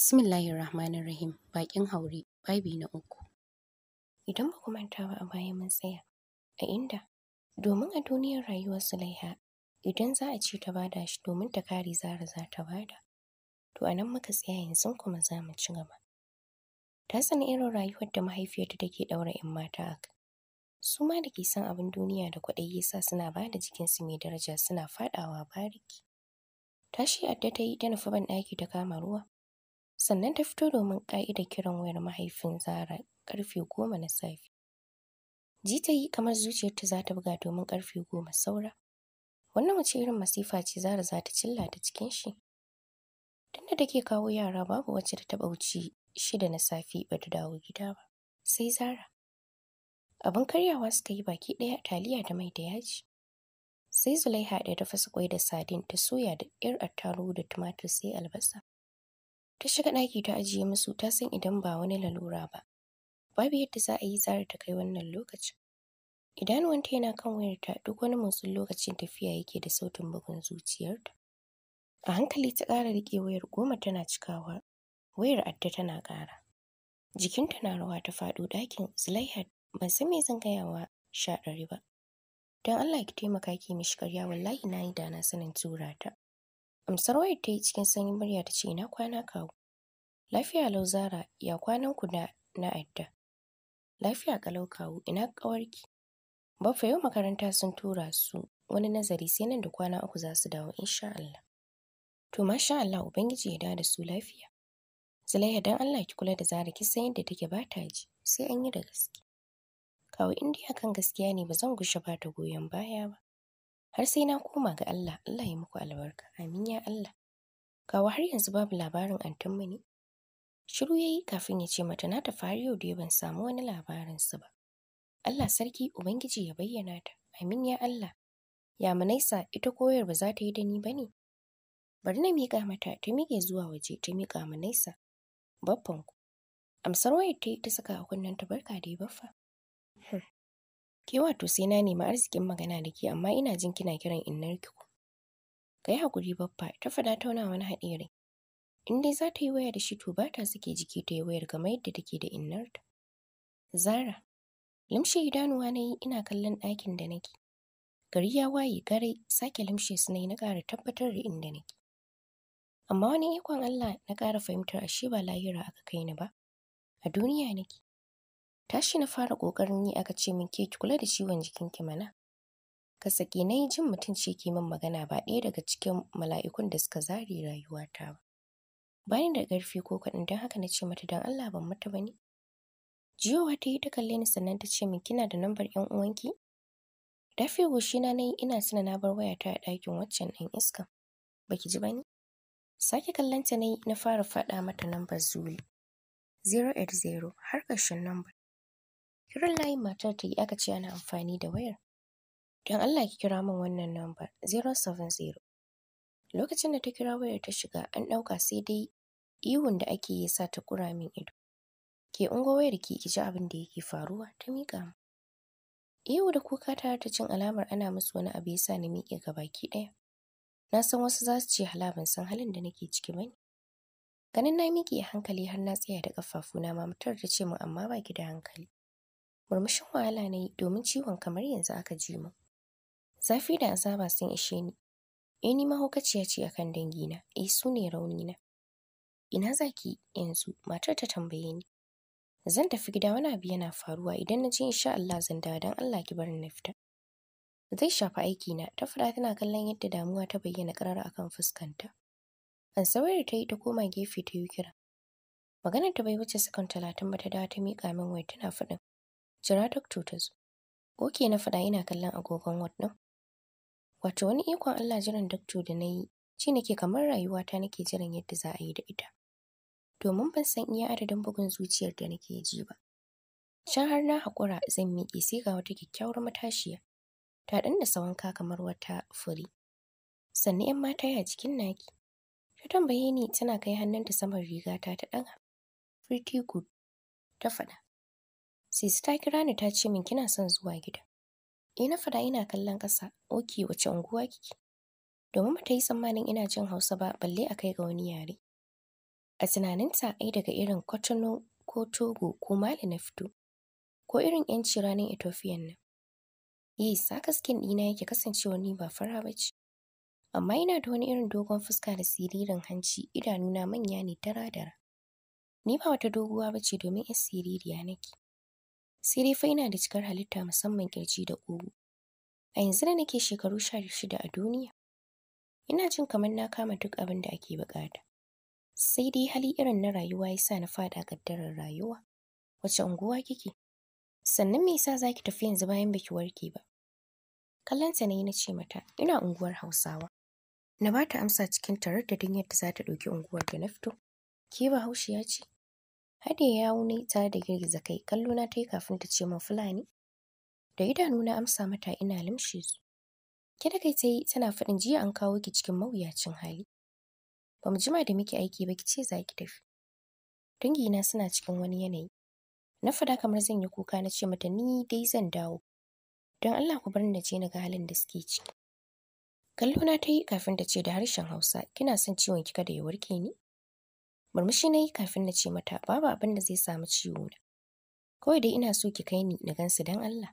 Bismillahir Rahmanir Rahim, bakin haure, babi na uku. Idan ba ku manta ba a baya mun tsaya, a inda, domin a duniyar rayuwar Sulaiha, idan za a ce ta bada shi domin ta kare zara za ta bada, to a nan muka tsaya yanzu kuma za mu ci gaba. Ta sani irin rayuwar da mahaifiyarta take ɗaura 'yan mata a kai. Su ma da ke san abin duniya da kwaɗayi yasa suna ba da jikinsu mai daraja suna faɗawa bariki. Tashi adda ta yi ta nufi ban ɗaki ta kama ruwa. sannan ta fito domin ƙa'idar kiran wayar mahaifin Zara ƙarfe goma na safe. Ji ta yi kamar zuciyarta za ta buga domin ƙarfe goma saura. Wannan wace irin masifa ce Zara za ta cilla ta cikin shi? Tunda take kawo yara babu wacce ta taɓa wuce shida na safe ba ta dawo gida ba. Sai Zara. Abin karyawa suka yi baki ɗaya taliya da mai da yaji. Sai Zulaiha da ta fasa kwai da sadin ta soya da 'yar attarugu da tumatir sai albasa. ta shiga ɗaki ta ajiye musu ta san idan ba wani lalura ba babu yadda za a yi tsara ta kai wannan lokacin idanuwanta yana kan wayarta duk wani motsin lokacin tafiya yake da sautin bugun zuciyarta a hankali ta ƙara riƙe wayar goma tana cikawa wayar adda tana ƙara jikinta na rawa ta faɗo ɗakin zulaiha ban san me zan gaya wa shaɗari ba don allah ki taimaka ki mishi karya wallahi na yi dana sanin tura ta Amsar wayar ta yi cikin sanyin murya ta ce, ina kwana kawu. Lafiya lau Zara, ya kwanan ku na na adda. Lafiya kalau kawu, ina ƙawarki. Baffa yau makaranta sun tura su wani nazari sai nan da kwana uku za su dawo insha Allah. To masha Allah Ubangiji ya dawo da su lafiya. Zulaiha dan Allah ki kula da Zara ki san yadda take ba ta ji sai an yi da gaske. Kawu indiya kan gaskiya ne ba zan gushe ba ta goyon baya ba. har sai na koma ga Allah Allah ya muku albarka amin ya Allah kawo har yanzu babu labarin antinmu ne shiru ya yi kafin ya ce mata na ta fari yau da ya ban samu wani labarinsu ba Allah sarki ubangiji ya bayyana ta amin ya Allah ya manaisa ita koyar ba za ta yi da ni ba ne bari na miƙa mata ta miƙe zuwa waje ta miƙa manaisa. Baffanku. ku amsar wayar ta yi ta saka a kunnen ta barka dai baffa Ke wato sai na nemi arzikin magana da ke amma ina jin kina kiran innarki ku. Ka yi haƙuri baffa ta faɗa tauna wani haɗe rai. In dai za ta yi waya da shi to ba ta sake jiki ta yi wayar kamar yadda take da innarta. Zara, limshe idanuwa na yi ina kallon ɗakin da nake. Gari ya waye garai sake limshe su na yi na ƙara tabbatar da inda nake. Amma wani ikon Allah na ƙara fahimtar ashe ba lahira aka kai ni ba, a duniya nake. Tashi na fara ƙoƙarin yi aka ce min ke ki kula da ciwon jikin ki mana. Ka saki nayi jin mutum ce ke min magana ba ɗaya daga cikin mala'ikun da suka zare rayuwata ba. Bani da ƙarfi ko kaɗan don haka na ce mata don Allah ban mata ba ne. Jiyowa ta yi ta kalle ni sannan ta ce min kina da lambar 'yan uwanki? Dafe goshi na nayi ina suna na bar wayata a ɗakin waccan ɗan iska. Baki ji ba ni? Sake ta na yi na fara faɗa mata lambar zuri 080 har ƙarshen lambar. Kiran layin matar ta yi aka ce ana amfani da wayar. Don Allah ki kira min wannan lambar 070. Lokacin da ta kira wayar ta shiga an ɗauka sai dai ihun da ake yi sa ta kura min ido. Ke ungo wayar ki ki ji abin da yake faruwa ta miƙa mu. Ihu da kuka tare ta cin alamar ana musu wani abu yasa na miƙe baki ɗaya. Na san wasu za su ce hala ban san halin da nake ciki bane. Ganin na miƙe hankali har na tsaya da ƙafafuna ma mutar ta ce min amma ba ki da hankali. Murmushin wahala na yi domin ciwon kamar yanzu aka ji min. Zafi da azaba sun ishe ni. Eh ni mahaukaciya ce akan dangina, eh su ne raunina. Ina za ki yanzu? Matar ta tambaye ni. Zan tafi gida wani abu yana faruwa idan na ji insha Allah zan dawo don Allah ki bar na fita. Zai shafi aikina, ta fada tana kallon yadda damuwa ta bayyana ƙarar akan fuskanta. An da ta yi ta koma gefe ta yi kira. Maganar ta bai wuce sakan talatin ba ta dawo ta miƙa min wai tana faɗin. jira doctor ta zo oke na faɗa ina kallon agogon wat ɗin wato wani ikon Allah jiran doctor da na yi shi nake kamar rayuwata nake jiran yadda za a yi da ita domin ban san iya adadin bugun zuciyar da nake ji ba can har na haƙura zan miƙe sai ga wata kyakkyawar matashiya ta ɗan da ka kamar wata fure sannan yan mata ya cikin naki ta tambaye ni tana kai hannunta saman rigata ta ɗaga pretty good ta faɗa Sisi ta kira ni ta ce min kina son zuwa gida. Eh na fada ina kallon ƙasa, oke wace unguwa kike? Domin ba ta yi tsammanin ina jin Hausa ba balle a kai ga wani yare. A tunaninta ai daga irin Kotono ko Togo ko Mali na fito, ko irin 'yanci ranar Ethiopia nan. Yi eh, sakaskin ɗina yake kasancewa ni ba fara ba ce. Amma ina da wani irin dogon fuska da siririn hanci idanuna manya ne dara-dara. Ni ba wata doguwa ba ce domin 'yan siririya nake. sai dai fa ina da cikar halitta musamman kirji da ƙugu. A yanzu da nake shekaru sha shida a duniya, ina jin kamar na kama duk abin da ake buƙata. Sai dai hali irin na rayuwa ya sa na faɗa ƙaddarar rayuwa. Wace unguwa kike? Sannan me yasa zaki tafi yanzu bayan baki warke ba? Kallonta na yi na ce mata, ina unguwar Hausawa. Na ba ta amsa cikin taraddadin yadda za ta ɗauki unguwar da na fito. Ke ba ya ce? Hadi ya nayi tare da girgiza kai, kallona tayi kafin ta ce min Fulani. Da idanu na amsa mata ina limshe su. da kai tayi tana faɗin jiya an kawo ki cikin mawuyacin hali. Ba mu jima da muke aiki ba ki ce za ki tafi. Dangina suna cikin wani yanayi. Na faɗa kamar zan yi kuka na ce mata ni dai zan dawo. Don Allah ku bar ni na je na ga halin da suke ciki. Kallona tayi kafin ta ce da harshen Hausa, kina son ciwon ki kada ya warke ne? Murmushi na yi kafin na ce mata babu abin da zai samu ciwo na. Kawai dai ina so ki kai ni na gansu don Allah.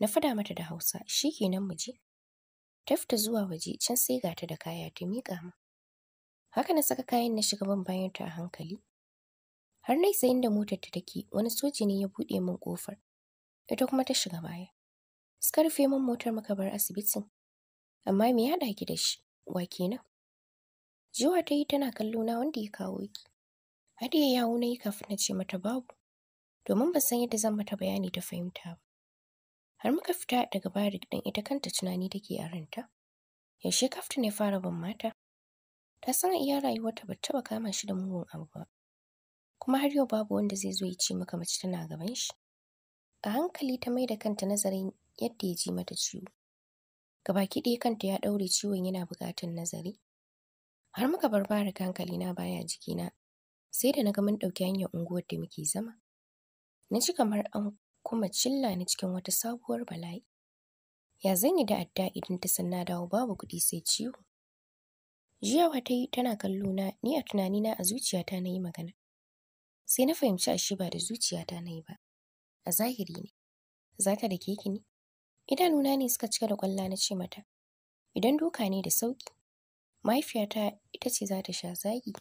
Na fada mata da Hausa, shi kenan mu je. Ta zuwa waje can sai ga ta da kaya ta miƙa min. Haka na saka kayan na shiga ban bayan ta a hankali. Har na isa inda motar ta take, wani soji ne ya buɗe min ƙofar. Ita kuma ta shiga baya. Suka rufe min motar muka bar asibitin. Amma me ya ki da shi? Wa kenan? Jiwa ta yi tana kallo na wanda ya kawo ki. Hadiya yawo na yi kafin na ce mata babu, domin ba san yadda zan mata bayani ta fahimta ba. Har muka fita daga barik ɗin ita kanta tunani take a ranta. Yaushe kaftin ya fara ban mata? Ta san iya ta ba taɓa kama shi da mugun abu ba. Kuma har yau babu wanda zai zo ya ce maka mace tana gaban shi. A hankali ta mai da kanta nazarin yadda ya ji mata ciwo. Gabaki ɗaya kanta ya ɗaure ciwon yana buƙatar nazari. har muka bar kankali na baya jikina sai da na ga mun ɗauki hanyar unguwar da muke zama na ji kamar an kuma cilla ni cikin wata sabuwar bala'i ya zan yi da adda idan ta san na dawo babu kuɗi sai ciwo Jiya ta yi tana kallo na ni a tunanina a zuciyata na yi magana sai na fahimci ashe ba da zuciyata na yi ba a zahiri ne za ta da keki ne idanuna ne suka cika da kwalla na ce mata idan doka ne da sauki mahaifiyata ita ce za ta sha zagi.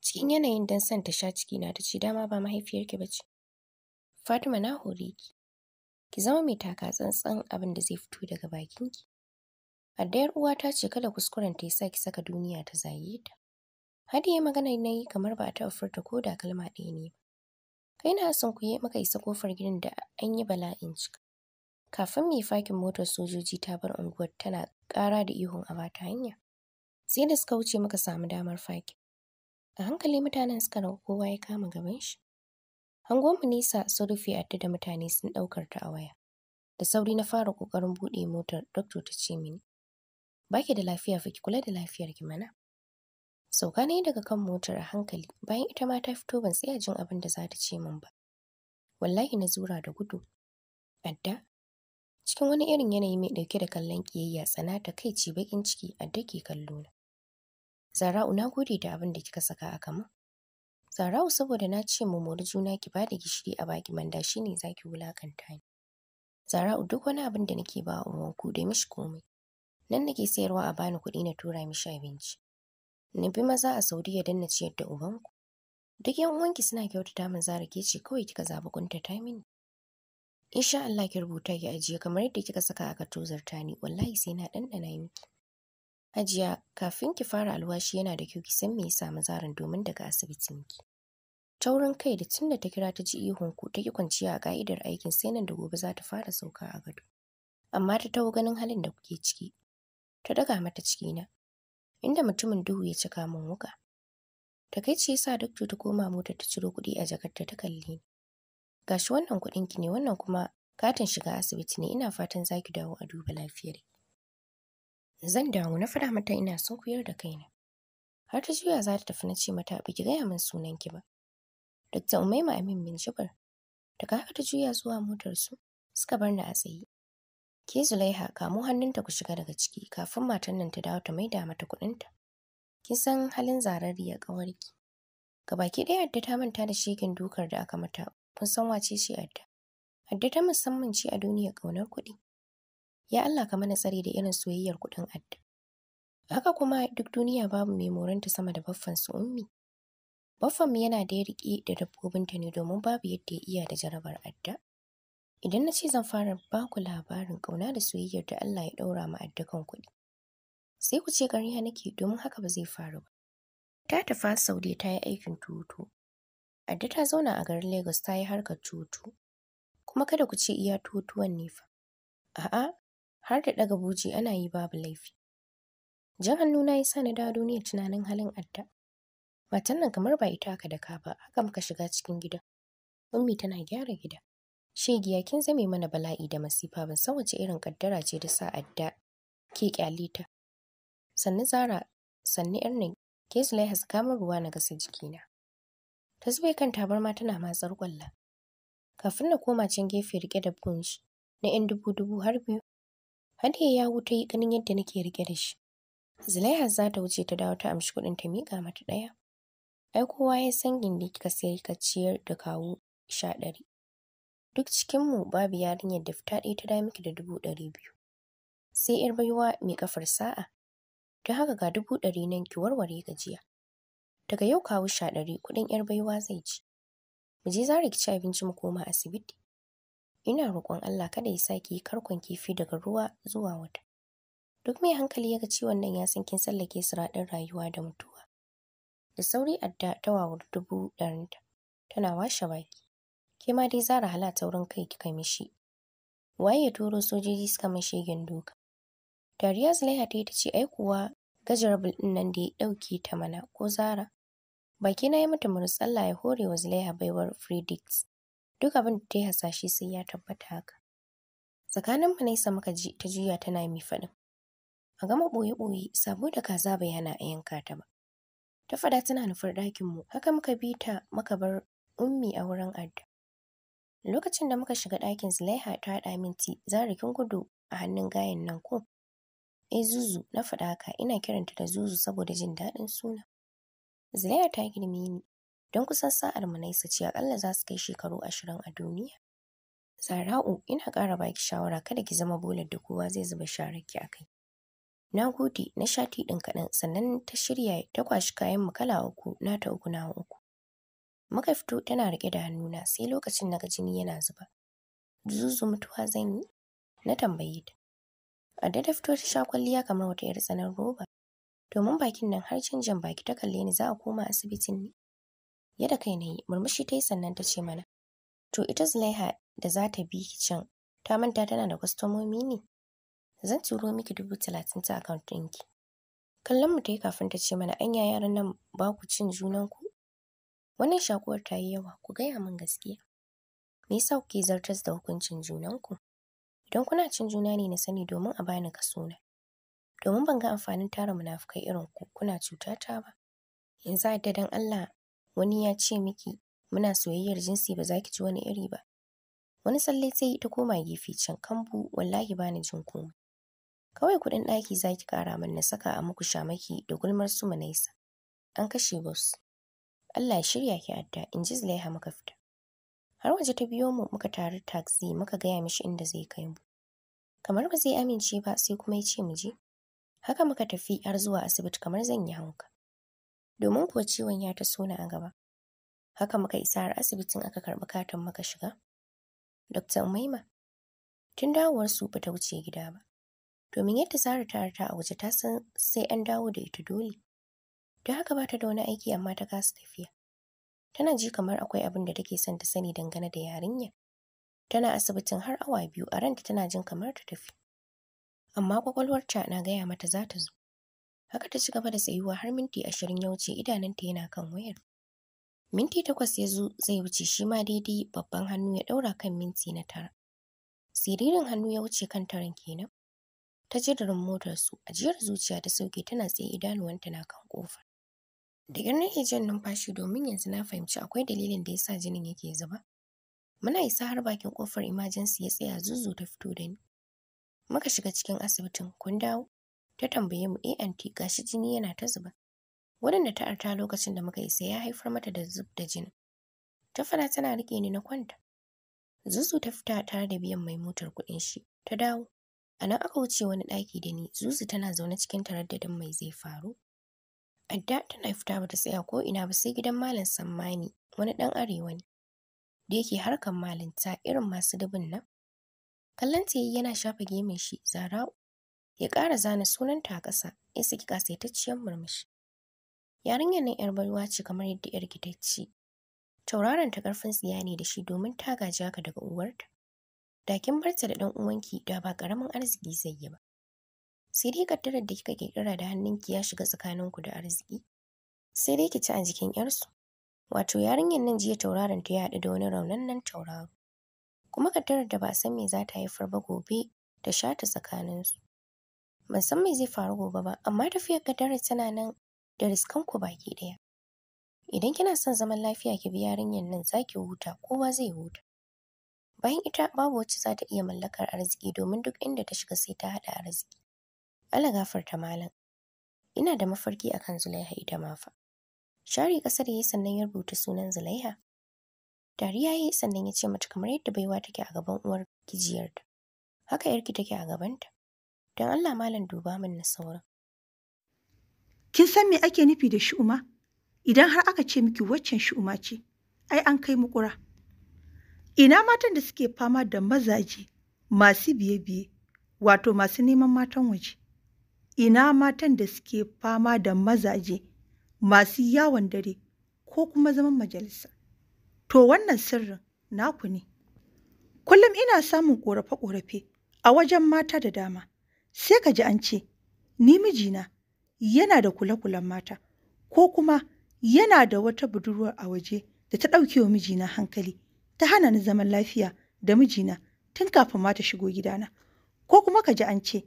Cikin yanayin don son ta sha ciki na ta ce dama ba mahaifiyarki ba ce. Fatima na hore ki. Ki zama mai taka tsantsan abin da zai fito daga bakinki. Addayar uwa ta ce kada kuskuren ta ya sa ki saka duniya ta zaye ta. har ya magana na yi kamar ba a taɓa furta ko da kalma ɗaya ne ba. Kai na ku sunkuye maka isa kofar gidan da an yi bala'in cika. Kafin mai fakin motar sojoji ta bar unguwar tana ƙara da ihun a bata hanya. sai da suka wuce muka samu damar faki a hankali mutanen suka rauka kowa ya kama gaban shi mu nisa sun rufe addu da mutane sun ɗaukar ta a waya da sauri na fara ƙoƙarin buɗe motar doctor ta ce mini baki da lafiya fa ki kula da lafiyar ki mana sauka ne daga kan motar a hankali bayan ita ma ta fito ban tsaya jin abin da za ta ce min ba wallahi na zura da gudu adda cikin wani irin yanayi mai ɗauke da kallon ƙiyayya tsana ta kai ci baƙin ciki adda ke kallo na Zara'u na gode da abin da kika saka a kama Zara'u saboda na ce mu mori juna ki bada gishiri a baki manda shine zaki wulakanta ni. Zara'u duk wani abin da nake ba wa ku da mishi komai. Nan nake sayarwa a bani kuɗi na tura mishi abinci. Ni bi maza a Saudiya don na ciyar da ubanku. Duk yan uwanki suna kyautata min zara ke ce kawai kika zaɓi ta mini. Insha Allah ki rubuta ki ajiye kamar yadda kika saka aka tozarta ni wallahi sai na ɗanɗana miki. Hajiya kafin ki fara alwashi yana da kyau ki san me ya samu zaran domin daga asibiti miki. Taurin kai da tunda ta kira ta ji ihun ku ta ki kwanciya a gaidar aikin sai nan da gobe za ta fara sauka a gado. Amma ta taho ganin halin da kuke ciki. Ta daga mata cikina. Inda mutumin duhu ya cika min wuka. ta ce yasa duk ta koma mota ta ciro kuɗi a jakarta ta kalli Gashi wannan kuɗin ki ne wannan kuma katin shiga asibiti ne ina fatan za ki dawo a duba lafiyarki. Zan dawo na faɗa mata ina son koyar da kaina. Har ta juya za ta tafi na ce mata biki gaya min sunan ki ba. Dr. Umaima Amin min Jibar. Daga haka ta juya zuwa motar su suka bar ni a tsaye. Ke Zulaiha kamo hannunta ku shiga daga ciki kafin matan nan ta dawo ta maida mata kuɗinta. Kin san halin zarariya ƙawarki. Gabaki ɗaya Adda ta manta da shekin dukar da aka mata kun san wace ce Adda. Adda ta musamman ce a duniyar ƙaunar kuɗi. Ya Allah ka mana tsari da irin soyayyar kuɗin adda. Haka kuma duk duniya babu mai moranta sama da baffan su ummi. Baffan mu yana da ya riƙe da dabbobinta ne domin babu yadda ya iya da jarabar adda. Idan na ce zan fara ba ku labarin ƙauna da soyayyar da Allah ya ɗaura ma kan kuɗi. Sai ku ce ƙarya nake domin haka ba zai faru ba. Ta tafa Saude ta yi aikin tutu. Adda ta zauna a garin Lagos ta yi harkar tutu. Kuma kada ku ce iya tutuwan ne fa. A'a, har da ɗaga buji ana yi babu laifi. Jan hannuna ya sa na dawo duniyar tunanin halin adda. Matan nan kamar ba ita aka daka ba, haka muka shiga cikin gida Ummi tana gyara gida. giya kin zame mana bala'i da masifa ban san wace irin kaddara ce da sa adda ke kyale ta. Sannu Zara, sannu ƴar nan, ke Zulaiha haska min ruwa na gasa jikina. Ta zube kan tabarma tana matsar kwalla. Kafin na koma can gefe rike da punch na 'yan dubu dubu har biyu Hadiya ya ta yi ganin yadda nake rike da shi. Zulaiha za ta wuce ta dawo ta amshi kuɗin ta miƙa mata ɗaya. Ai kowa ya san gindi kika sayar ka ciyar da kawu sha ɗari. Duk cikinmu babu yarinyar da fita ɗaya ta da miki da dubu ɗari biyu. Sai ‘yar baiwa mai ƙafar sa'a. Don haka ga dubu ɗari nan ki warware gajiya. Daga yau kawu sha ɗari kuɗin ‘yar baiwa zai ci. Mu je zara ki ci abinci mu koma asibiti. Ina roƙon Allah kada ya sake yi karkon kifi daga ruwa zuwa wata. Duk mai hankali ya ga ciwon nan ya san kin su raɗin rayuwa da mutuwa. Da sauri adda ta wawar dubu ɗarinta, tana washe baki. Ke ma dai zara hala taurin kai kika mishi. Waye ya turo sojoji suka mai shegen doka. Dariya Zulaiha ta yi ta ce ai kuwa gajarabul ɗin nan da ya ɗauke ta mana ko zara. Baki na yi mata murus Allah ya hore wa Zulaiha baiwar Fredix. Duk abin da ta yi hasashe sai ya tabbata haka. Tsakanin Manaisa muka ji ta juya tana mai faɗin. A gama ɓoye-ɓoye sabo da kaza bai hana a yanka ta ba. Ta faɗa tana nufar mu, haka muka bi ta muka bar ummi a wurin adda. Lokacin da muka shiga ɗakin Zulaiha ta haɗa minti ti zarikin gudu a hannun gayen nan ko? Eh Zuzu na faɗa haka ina kiranta da Zuzu saboda jin daɗin suna. Zulaiha ta girme ni don kusan sa'ar Munaisa ce akalla za su kai shekaru ashirin a duniya. sara'u ina ƙara baki shawara kada ki zama bolar da kowa zai zuba sharaki a kai. Na gode na sha ɗin kaɗan sannan ta shirya ta kwashi kayan mu kala uku na ta uku na uku. Muka fito tana rike da hannuna sai lokacin na ga jini yana zuba. Zuzu mutuwa zan yi? Na tambaye ta. A da fito ta sha kwalliya kamar wata 'yar tsanar roba. Domin bakin nan har canjin baki ta kalle ni za a koma asibitin ne. Yadda kai na yi, murmushi ta yi sannan ta ce mana. To ita Zulaiha da za ta bi can, ta manta tana da kwastomomi ne? Zan turo miki dubu talatin ta akaunt ɗinki. Kallon mu ta yi kafin ta ce mana anya yaran nan ba ku cin junan ku? Wannan shakuwar ta yi yawa, ku gaya min gaskiya. Me yasa kuke zartas da hukuncin junan ku? Idan kuna cin juna ne na sani domin a bani ka suna. Domin ban ga amfanin tara munafukai irin ku kuna cuta ta ba. Yanzu a dan Allah wani ya ce miki muna soyayyar jinsi ba za ki ci wani iri ba wani tsalle sai yi ta koma gefe can kambu wallahi ba ni jin komai kawai kuɗin ɗaki za ki ƙara min na saka a muku shamaki da gulmar su manaisa an kashe bus Allah ya shirya ki adda in ji zulaiha muka fita har waje ta biyo mu muka taru taxi muka gaya mishi inda zai kai mu kamar ba zai amince ba sai kuma ya ce mu je haka muka tafi har zuwa asibiti kamar zan yi hanka domin kuwa ciwon ya taso sona a gaba. Haka muka isa har asibitin aka karɓi katin muka shiga. Dokta Umaima, tun dawowar su ba wuce gida ba. Domin yadda Sara ta rata a waje ta san sai an dawo da ita dole. Don haka ba ta da wani aiki amma ta kasa tafiya. Tana ji kamar akwai abin da take son ta sani dangane da yarinya. Tana asibitin har awa biyu a ranta tana jin kamar ta tafi. Amma kwakwalwarta na gaya mata za ta zo. Haka ta ci gaba da tsayuwa har minti ashirin ya wuce idanunta yana kan wayar. Minti takwas ya zo zai wuce shi ma daidai babban hannu ya ɗaura kan minti na tara. Siririn hannu ya wuce kan taran kenan. Ta ji darin su, ajiyar zuciya ta sauke tana tsaye idanuwanta na kan ƙofa. Da ƙyar nake jan numfashi domin yanzu na fahimci akwai dalilin da ya sa jinin yake zuba. Muna isa har bakin ƙofar imajensi ya tsaya zuzu ta fito da ni. Muka shiga cikin asibitin kun dawo. ta tambaye mu eh anti gashi jini yana ta zuba Wadanda da ta arta lokacin da muka isa ya haifar mata da zub da jini ta fara tana rike ni na kwanta zuzu ta fita tare da biyan mai motar kuɗin shi ta dawo a nan aka wuce wani daki da ni zuzu tana zaune cikin taraddadin mai zai faru adda tana fita bata tsaya ko ina ba sai gidan malam sammani wani ɗan arewa ne da yake harkan malinta irin masu dubin nan kallon ta yana shafa gemin shi zara ya ƙara zana sunanta a ƙasa ya saki ƙasaitacciyar murmushi. Yarinyar nan ‘yar baiwa ce kamar yadda ‘yar gitacci. Tauraron ta ƙarfin tsiya ne da shi domin ta gaji haka daga uwarta. dakin barta da ɗan uwanki da ba ƙaramin arziki zai yi ba. Sai dai kaddarar da kika ƙirƙira da hannunki ya shiga tsakaninku da arziki. Sai dai ki ci a jikin ‘yarsu. Wato yarinyar nan jiya tauraron ta ya haɗu da wani raunannen tauraro. Kuma kaddarar da ba san me za ta haifar ba gobe ta sha ta tsakaninsu. ban san me zai faru gobe ba amma tafiyar dare tana nan da riskan ku baki ɗaya idan kina son zaman lafiya ki bi yarinyar nan zaki huta kowa zai huta bayan ita babu wacce za ta iya mallakar arziki domin duk inda ta shiga sai ta haɗa arziki Allah gafarta malam ina da mafarki akan Zulaiha ita ma fa share kasar yayi sannan ya rubuta sunan Zulaiha tari yayi sannan ya ce mata kamar yadda baiwa take a gaban uwar gijiyarta. haka yarki take a gabanta Don Allah malam duba min na sauran. Kin san me ake nufi da shu'uma? Idan har aka ce miki waccan shu'uma ce, ai an kai mukura. Ina matan da suke fama da mazaje masu biye-biye, wato masu neman matan waje. Ina matan da suke fama da mazaje masu yawon dare ko kuma zaman majalisa. To wannan sirrin naku ne. Kullum ina samun ƙorafe-ƙorafe a wajen mata da dama. sai ka ji an ce, Ni mijina yana da kule-kulen mata, ko kuma yana da wata budurwar a waje da ta ɗauke wa mijina hankali, ta hana ni zaman lafiya da mijina tun kafin ma shigo gidana. Ko kuma ka ji an ce,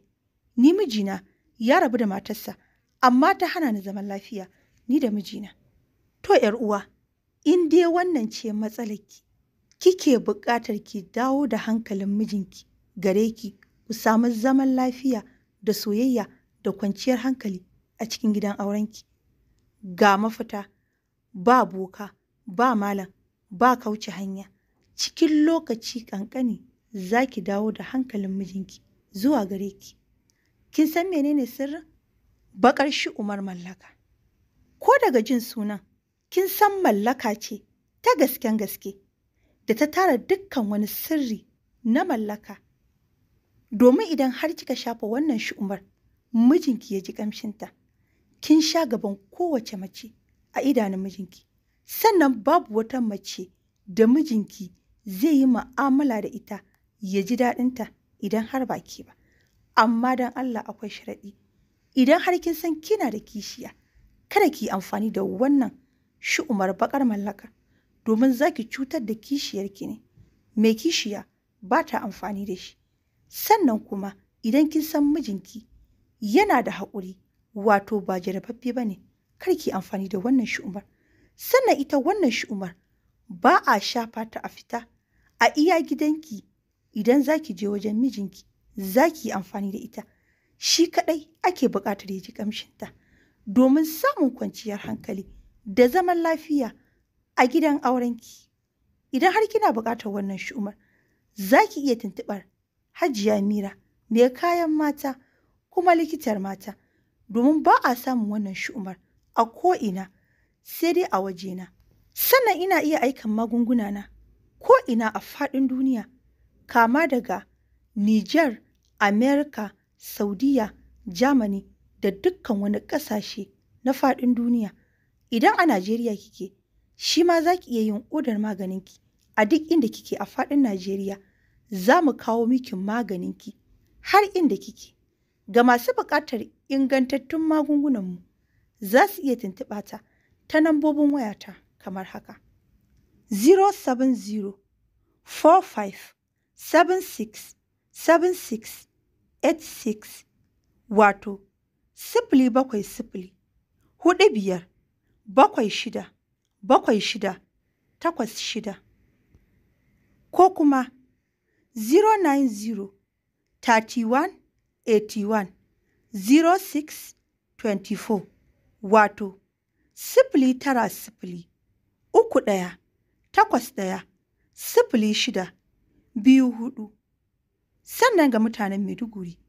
Ni mijina ya rabu da matarsa, amma ta hana ni zaman lafiya ni da mijina. To, ‘yar uwa, in dai wannan ce matsalarki, kike buƙatar ki dawo da hankalin mijinki gare ki ku samu zaman lafiya da soyayya da kwanciyar hankali a cikin gidan aurenki. Ga mafita, ba boka, ba malam, ba kauce hanya. Cikin lokaci ƙanƙani za ki dawo da hankalin mijinki zuwa gare ki. Kin san menene sirrin? Baƙar shi umar mallaka. Ko daga jin sunan, kin san mallaka ce ta gasken gaske da ta tara dukkan wani sirri na mallaka. domin idan har kika shafa wannan shu'umar mijinki ya ji kamshinta kin sha gaban kowace mace a idanun mijinki sannan babu wata mace da mijinki zai yi ma'amala da ita ya ji daɗinta idan har ba ke ba amma don Allah akwai sharaɗi idan har kin san kina da kishiya kada ki amfani da wannan shu'umar bakar mallaka domin za ki cutar da kishiyarki ne mai kishiya ba ta amfani da shi sannan kuma idan kin san mijinki yana da haƙuri wato ba jarababbe ba ne kar ki amfani da wannan shi'umar sannan ita wannan shi'umar ba a shafa ta a fita a iya gidanki idan za ki je wajen mijinki za ki yi amfani da ita shi kaɗai ake buƙatar ya ji ƙamshinta domin samun kwanciyar hankali da zaman lafiya a gidan aurenki idan har kina buƙatar wannan shi'umar za ki iya tuntuɓar Hajiya Mira, mai kayan mata kuma likitar mata, domin ba a samun wannan shu'umar a ko'ina sai dai a wajena. Sannan ina iya aikan na, ko'ina a faɗin duniya, kama daga Nijar, Amerika, Saudiya, Germany da dukkan wani ƙasashe na faɗin duniya. Idan a Najeriya kike, shi ma za ki iya yin odar maganinki a duk inda kike a faɗin Najeriya. za mu kawo miki maganinki har inda kike. Ga masu buƙatar ingantattun magungunanmu za su iya tuntuɓa ta ta nambobin wayata kamar haka. 070 45 76 76 86 wato sifili bakwai sifili hudu biyar bakwai shida bakwai shida takwas shida ko kuma 090 31 81 24 wato sifili tara sifili uku ɗaya takwas ɗaya sifili shida biyu hudu sannan ga mutanen Maiduguri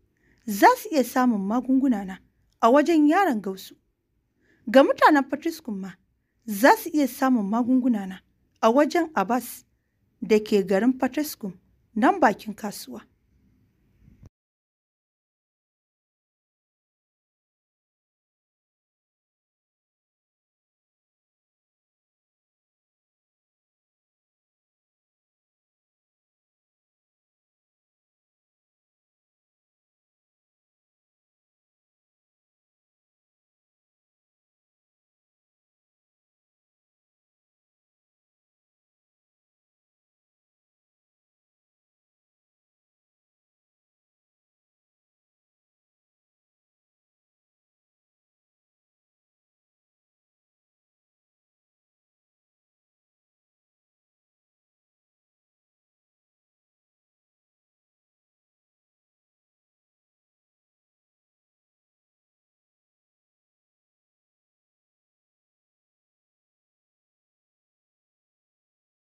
za su iya samun magunguna na a wajen yaron gausu ga mutanen Fatiskun ma za su iya samun magunguna na a wajen Abbas da ke garin Fatiskun nan bakin kasuwa.